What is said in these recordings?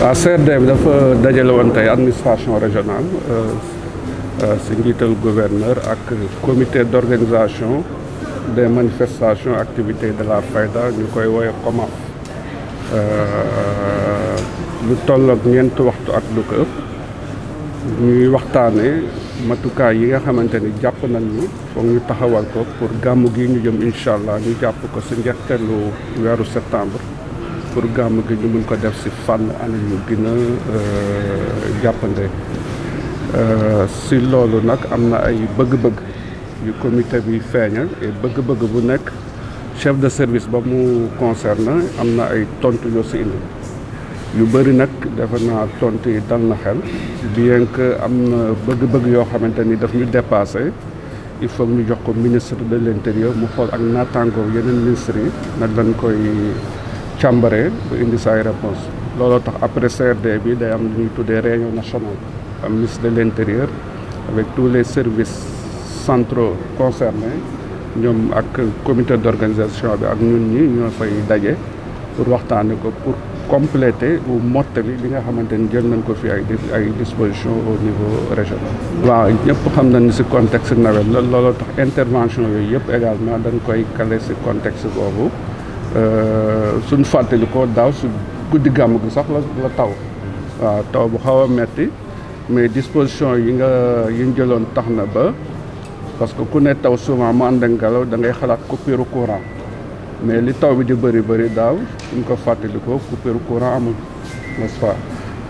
waaw CRD bi dafa dajale woon tey administration régionale euh, euh, si njiital gouverneur ak comité d'organisation des manifestation activité de la fayda ñu koy wooye COMAF euh, lu tolloog ñeenti waxtu ak lu ko ëpp ñuy waxtaane matukaay yi nga xamante ni jàpp nañ ni foog ñu taxawal ko pour gàmmu gi ñu jëm incha allah ñu jàpp ko si njeexteelu weeru septembre pour gàmm gi ñu mun ko def si fànn anam yu gën a euh, jàppande euh, si loolu nag am na ay bëgg-bëgg yu comité bi feeñal et bëgg-bëgg bu nekk chef de service ba mu concerne am na ay tontu yoo si indi yu bëri nag defe naa tontu yi dal na xel bien que am na bëgg-bëgg yoo xamante ni daf ñu dépassé il faut ñu jox ko ministre de l' intérieur mu xool ak naataangoo yeneen ministres yi nag lañ koy càmbare indi sa ay réponse looloo tax après CRD bi day am lu ñuy tuddee réunion nationale am ministre de l'intérieur avec tous les services centraux concerné ñoom ak comité d'organisation bi ak ñun ñi ñoo fay daje pour waxtaane ko pour compléter ou mottali li nga xamante ni jël nañ ko fi ay ay disposition au niveau régional waaw ñëpp xam nañ si contexte nawet la looloo tax intervention yooyu yëpp également dañ koy caler si contexte boobu Euh, suñ fàttali ko daaw su guddi gàmm gi sax la la taw waaw taw bu xaw a metti mais disposition yi nga yi ñu jëloon tax na ba parce que ku ne taw souvent mu ànd ngelaw da ngay xalaat coupure courant mais li taw bi di bëri bëri daaw suñ ko fàttali ko coupure courant amul n'est-ce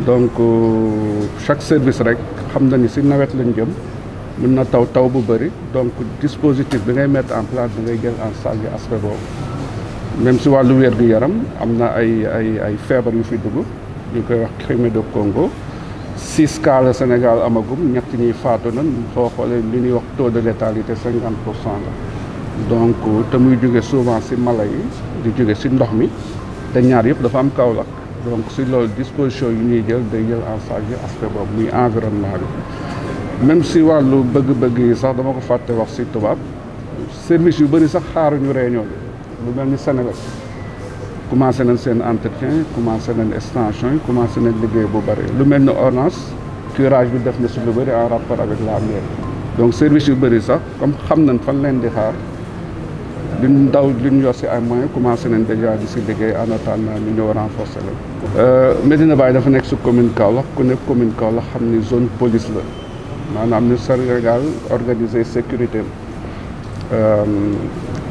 donc euh, chaque service rek xam na ni si nawet lañ jëm mun na taw taw bu bëri donc dispositif bi ngay mettre en place bi ngay jël en charge aspect boobu même si wàllu wér bi yaram am na ay ay ay feebar yu fi dugg ñu koy wax crimée de kongo six cas Sénégal amagum ñetti ñuy faatu na soo xoolee li ñuy wax taux de létalité cinquante pour cent la donc te muy jóge souvent si mala yi di jóge si ndox mi te ñaar yëpp dafa am Kaolack donc si loolu disposition yu ñuy jël day jël en charge aspect boobu muy environnement bi même si wàllu bëgg-bëgg yi sax dama ko fàtte wax si tubaab service yu bëri sax xaaruñu réunion bi lu mel ni Seneweb commencé nañ seen entretien commencé nañ extension commencé nañ liggéey bu bëri lu mel ni ordonnance curage bi def na si lu bëri en rapport avec la mairie donc service yu bëri sax comme xam nañ fan leen di xaar li ñu ndaw li ñu yor si ay moyens commencé nañ déjà di si liggéey en attendant ñu ñëw renforcer la euh, Medina Baye dafa nekk si commune Kaolack ku nekk commune Kaolack xam ni zone police la maanaam ni Sénégal organiser sécurité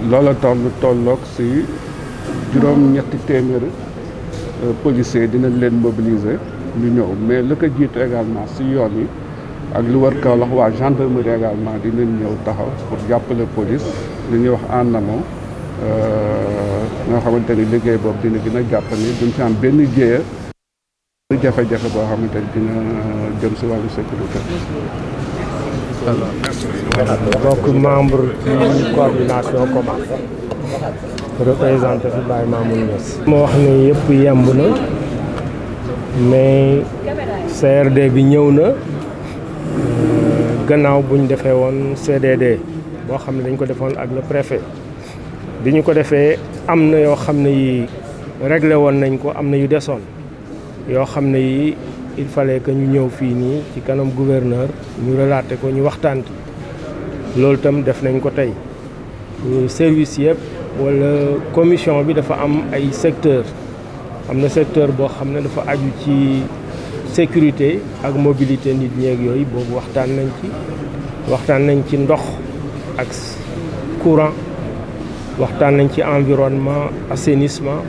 loola tax lu tolloog si juróom ñetti téeméer euh, policiers dinañ leen mobiliser ñu ñëw mais lu ko jiitu également si yoon yi ak lu war Kaolack waa gendarmerie également dinañ ñëw taxaw pour jàppale polis li ñuy wax en amont euh, nga xamante ni liggéey boobu dina gën a jàpp ni duñ si am benn jéeya jafe-jafe boo xamante ni dina jëm si wàllu sécurité bokk membre ci coordination combat représenté fi Baye Mamoune Niass moo wax ne yëpp yemb na mais CRD bi ñëw na gannaaw buñ defee woon CDD boo xam ne dañ ko defoon ak le préfet bi ko defee am na yoo xam ne yi réglé woon nañ ko am na yu desoon yoo xam ne yi il fallait que ñu ñëw fii nii ci kanam gouverneur ñu relaate ko ñu waxtaan ci loolu itam def nañ ko tey euh, service yëpp wala commission bi dafa am ay secteur am na secteur boo xam ne dafa aju ci sécurité ak mobilité nit ñeeg yooyu boobu waxtaan nañ ci waxtaan nañ ci ndox ak courant waxtaan nañ ci environnement assainissement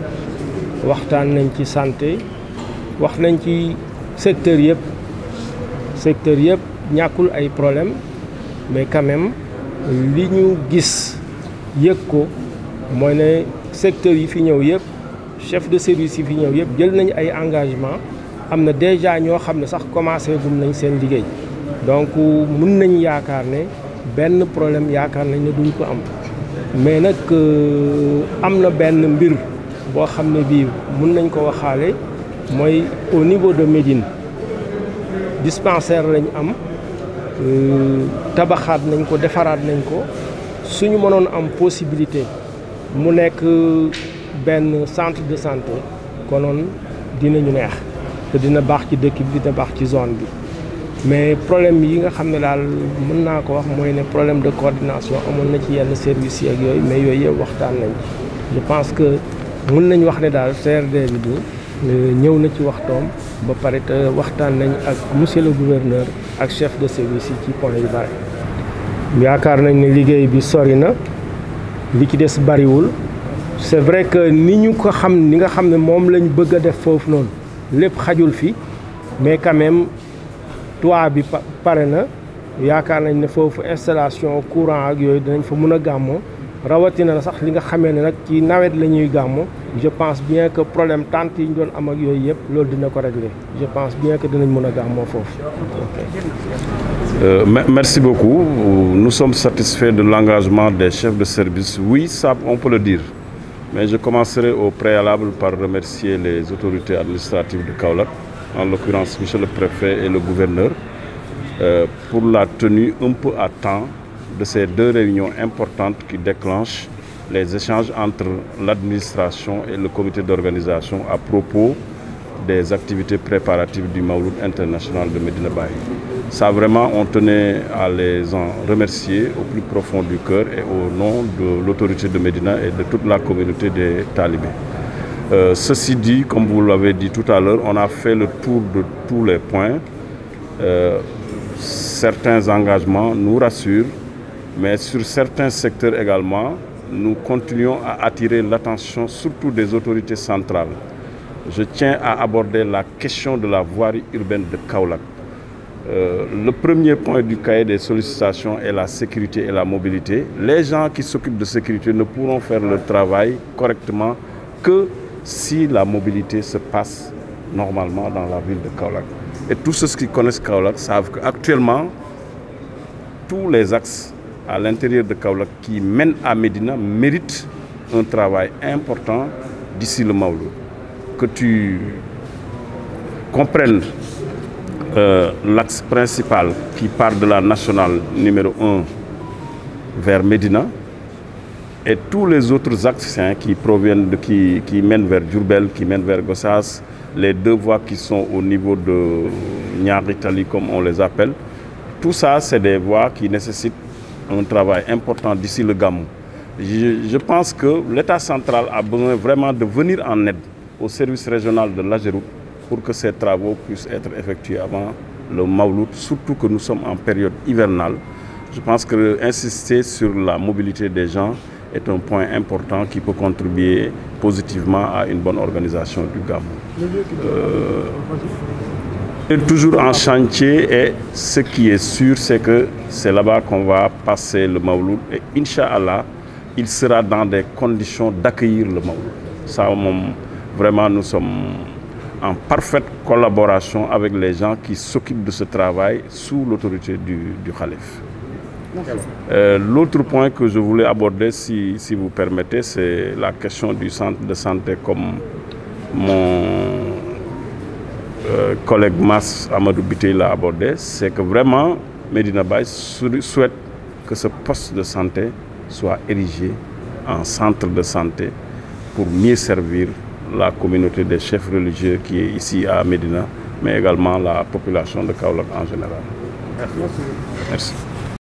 waxtaan nañ ci santé wax nañ ci secteur yëpp secteur yëpp ñàkkul ay problème mais quand même li ñu gis yëg ko mooy ne secteur yi fi ñëw yëpp chef de service yi fi ñëw yëpp jël nañu ay engagement am na déjà ñoo xam ne sax commencé gum nañ seen liggéey donc mun nañ yaakaar ne benn problème yaakaar nañ ne duñ ko am mais nag euh, am na benn mbir boo xam ne bii mun nañ ko waxaale mooy au niveau de Médine dispensaire lañ am euh, tabaxaat nañ ko defaraat nañ ko suñu mënoon am possibilité mu nekk euh, benn centre de santé konoon dinañu neex te dina baax ci dëkk bi dina baax ci zone bi mais problème yi nga xam ne daal mun naa ko wax mooy ne problème de coordination amoon na ci yenn services yeeg yooyu mais yooyu yëpp waxtaan nañ je pense que mën nañu wax ne daal CRD bi ñëw na ci waxtoom ba pare te waxtaan nañ ak monsieur le gouverneur ak chef de service yi ci point yu bari yaakaar nañ ne liggéey bi sori na li ci des bariwul c'est vrai que ni ñu ko xam ni nga xam ne moom lañ bëgg a def foofu noonu lépp xajul fi mais quand même toit bi pare na yaakaar nañ ne foofu installation courant ak yooyu dinañ fa mun a gàmmoo rawatina la sax li nga xamee ne nag ci nawet la ñuy gàmmu je pense bien que problème tente yi ñu doon am ak yooyu yëpp loolu dina ko régler je pense bien ko dinañ mën a gàmmoo foofu. Euh, merci beaucoup nous sommes satisfaits de l'engagement des chefs de service oui ça on peut le dire mais je commencerai au préalable par remercier les autorités administratives de Kaolack en l'occurrence monsieur le préfet et le gouverneur euh, pour la tenue un peu à temps de ces deux réunions importantes qui déclenchent les échanges entre l'administration et le comité d'organisation à propos des activités préparatives du Mauloud international de Medina Baye. Ça vraiment, on tenait à les en remercier au plus profond du cœur et au nom de l'autorité de médina et de toute la communauté des talibés. Euh, ceci dit, comme vous l'avez dit tout on a fait le tour de tous les points. Euh, certains engagements nous rassurent Mais sur certains secteurs également, nous continuons à attirer l'attention surtout des autorités centrales. Je tiens à aborder la question de la voirie urbaine de Kaolack. Euh, le premier point du cahier des sollicitations est la sécurité et la mobilité. Les gens qui s'occupent de sécurité ne pourront faire leur travail correctement que si la mobilité se passe normalement dans la ville de Kaolack. Et tous ceux qui connaissent Kaolack savent qu'actuellement, tous les axes à l'intérieur de Kaolack qui mène à Médina mérite un travail important d'ici le Maoulou. Que tu comprennes euh, l'axe principal qui part de la nationale numéro 1 vers Médina et tous les autres axes hein, qui proviennent de, qui, qui mènent vers Djurbel, qui mènent vers Gossas, les deux voies qui sont au niveau de Nyaritali comme on les appelle, tout ça c'est des voies qui nécessitent un travail important d'ici le Gamou. Je, je, pense que l'État central a besoin vraiment de venir en aide au service régional de l'Ageroute pour que ces travaux puissent être effectués avant le Maulout, surtout que nous sommes en période hivernale. Je pense que insister sur la mobilité des gens est un point important qui peut contribuer positivement à une bonne organisation du GAM. Euh, est toujours en chantier et ce qui est sûr, c'est que c'est là-bas qu'on va passer le Mawlud et Inch'Allah, il sera dans des conditions d'accueillir le Mawlud. Ça, vraiment, nous sommes en parfaite collaboration avec les gens qui s'occupent de ce travail sous l'autorité du, du Khalif. Euh, l'autre point que je voulais aborder, si, si vous permettez, c'est la question du centre de santé comme mon Euh, collègue Mass Amadou Bitey l'a abordé, c'est que vraiment médina Baye souhaite que ce poste de santé soit érigé en centre de santé pour mieux servir la communauté des chefs religieux qui est ici à Médina, mais également la population de Kaolack en général.